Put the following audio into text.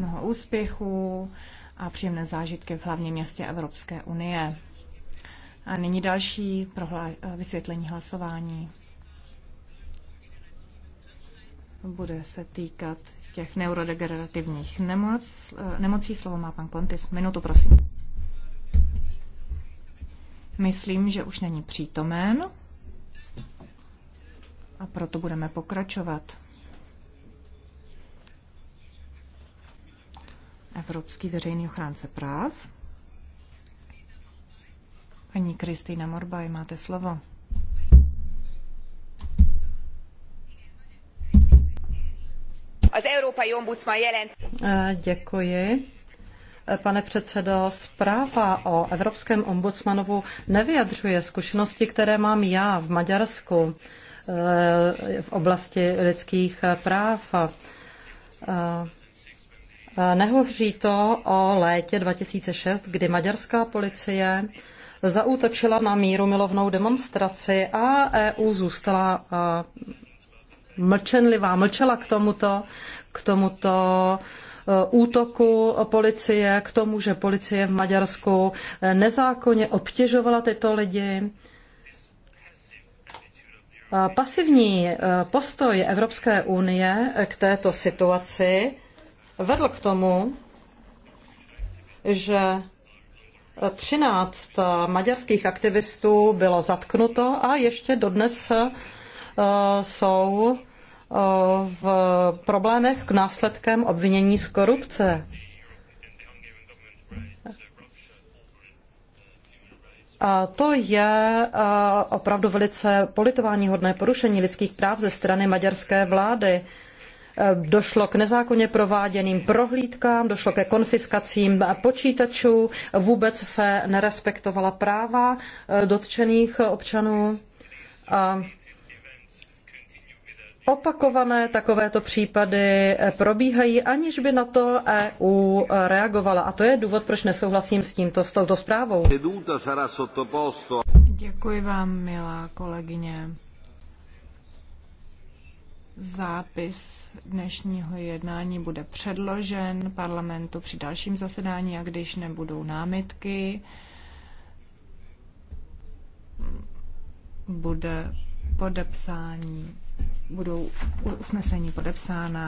mnoho úspěchů a příjemné zážitky v hlavním městě Evropské unie. A nyní další prohlá- vysvětlení hlasování. Bude se týkat těch neurodegenerativních nemoc, nemocí. Slovo má pan Kontis. Minutu, prosím. Myslím, že už není přítomen a proto budeme pokračovat. Evropský veřejný ochránce práv. Paní Kristýna Morbaj, máte slovo. Az Európai Ombudsman jelent. Eh, děkuji. Eh, pane předsedo, zpráva o Evropském ombudsmanovu nevyjadřuje zkušenosti, které mám já v Maďarsku eh, v oblasti lidských práv. Nehoří to o létě 2006, kdy maďarská policie zaútočila na míru milovnou demonstraci a EU zůstala mlčenlivá, mlčela k tomuto, k tomuto e, útoku policie, k tomu, že policie v Maďarsku e, nezákonně obtěžovala tyto lidi. Pasivní e, postoj Evropské unie k této situaci vedl k tomu, že 13 eh, maďarských aktivistů bylo zatknuto a ještě dodnes eh, jsou eh, v problémech k následkem obvinění z korupce. A to je opravdu velice hodné porušení lidských práv ze strany maďarské vlády. Eh, došlo k nezákonně prováděným prohlídkám, došlo ke konfiskacím počítačů, vůbec se nerespektovala práva eh, dotčených občanů. A opakované takovéto případy eh, probíhají, aniž by na to EU reagovala. A to je důvod, proč nesouhlasím s tímto, s touto zprávou. Děkuji vám, milá kolegyně. Zápis dnešního jednání bude předložen parlamentu při dalším zasedání a když nebudou námitky, bude podepsání, budou usnesení podepsána